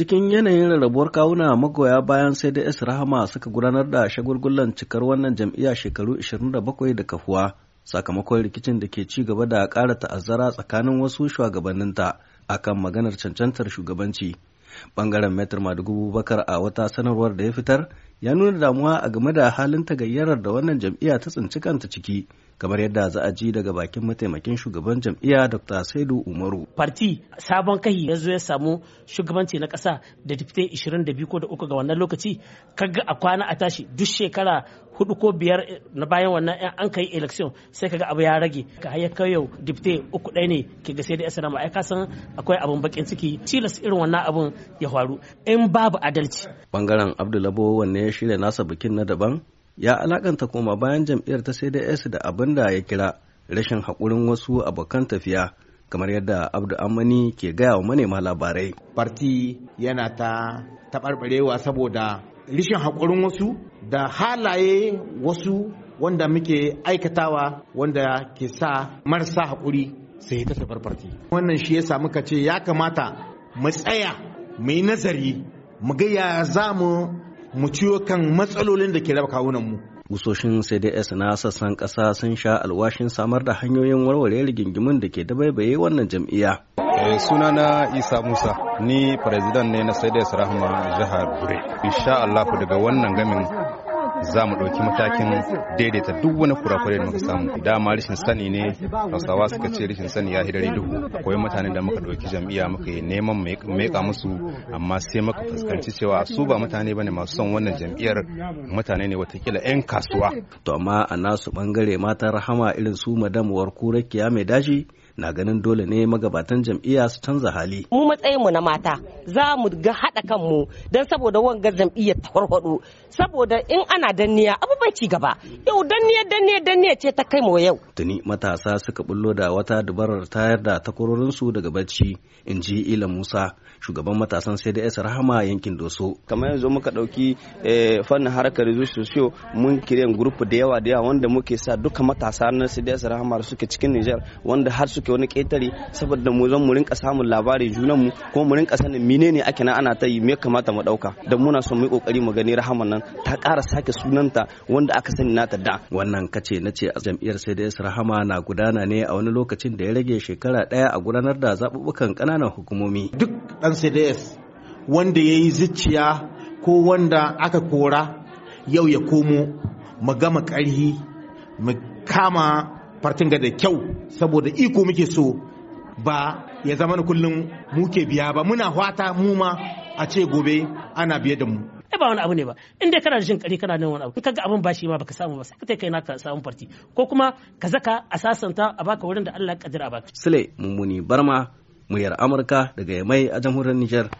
cikin yanayin rarrabuwar kawuna magoya bayan sai da rahama suka gudanar da shagulgullan cikar wannan jam'iyya shekaru 27 da kafuwa sakamakon rikicin da ke ci gaba da ƙara ta'azzara tsakanin wasu shugabanninta kan maganar cancantar shugabanci bangaren metar madugubu bakar a wata sanarwar da ya fitar ya nuna damuwa a game da halin tagayyarar da wannan jam'iyya ta tsinci kanta ciki kamar yadda za a ji daga bakin mataimakin shugaban jam'iyya dr saidu umaru parti sabon kai ya zo ya samu shugabanci na kasa da dipte 22 ko da uku ga wannan lokaci kaga a kwana a tashi duk shekara hudu ko biyar na bayan wannan yan an kai election sai kaga abu ya rage ka haya kai yau dipte uku ɗaya ne ke ga sai da SNM ai ka san akwai abun bakin ciki tilas irin wannan abun ya faru in babu adalci bangaren Abdullabo wanne ya shirya nasa bikin na daban ya alakanta koma bayan jam'iyyar ta CDS da abin da ya kira rashin haƙurin wasu abokan tafiya kamar yadda Abdu Amani ke gaya wa manema labarai. Parti yana ta taɓarɓarewa saboda rashin haƙurin wasu da halaye wasu wanda muke aikatawa wanda ke sa marasa haƙuri sai hita ta farfarti. Wannan shi ya samu ka ce ya kamata mu tsaya mu yi nazari mu ga ya za mu mu ciwo kan matsalolin da ke raba kawunan mu gusoshin cds na sassan ƙasa, sun sha alwashin samar da hanyoyin warware rigingimin da ke dabaibaye wannan jam'iyya eh, Suna na isa musa ni president ne na cds rahama jihar bure insha Allah, daga wannan gamin za mu ɗauki matakin daidaita duk wani kurakure da muka samu dama rashin sani ne hausawa suka ce rashin sani ya hidare duhu akwai mutanen da muka ɗauki jam'iyya muka yi neman meka musu amma sai muka fuskanci cewa su ba mutane bane masu son wannan jam'iyyar mutane ne watakila 'yan kasuwa to amma a nasu bangare mata rahama irin su madam kurakiya mai dashi na ganin dole ne magabatan jam'iyya su canza hali. Mu matsayinmu na mata za mu ga haɗa kanmu don saboda wanga jam'iyyar ta farfaɗo saboda in ana danniya abubuwan ci gaba yau danniya danniya danniya ce ta kai mu yau. Tuni matasa suka bullo da wata dubarar tayar da takwarorinsu daga bacci in ji Ila Musa shugaban matasan CDS Rahama yankin Doso. Kamar yanzu muka ɗauki eh, fannin harkar sosiyo mun kiran grup da yawa da yawa wanda muke sa duka matasa na CDS Rahama suke cikin Nijar wanda har suke ta wani ƙetare saboda mu zan mu rinka samun labarin junanmu kuma mu rinka sanin menene ake nan ana ta yi me kamata mu dauka dan muna son mu yi kokari mu gani rahaman nan ta ƙara sake sunanta wanda aka sani nata da wannan kace nace a jam'iyyar sai da rahama na gudana ne a wani lokacin da ya rage shekara ɗaya a gudanar da zaɓuɓɓukan ƙananan hukumomi duk ɗan cds wanda ya yi zuciya ko wanda aka kora yau ya komo mu gama ƙarhi mu kama fartinga da kyau saboda iko muke so ba ya zama na kullum muke biya ba muna hwata mu ma a ce gobe ana biye da mu ai ba wani abu ne ba in dai kana da jin kari kana nan wani abu in kaga abin bashi ma baka samu ba sai ka kai naka samu farti ko kuma ka zaka a sasanta a baka wurin da Allah ya kaddara a baka sule mummuni barma muyar amurka daga yamai a jamhuriyar Nijar.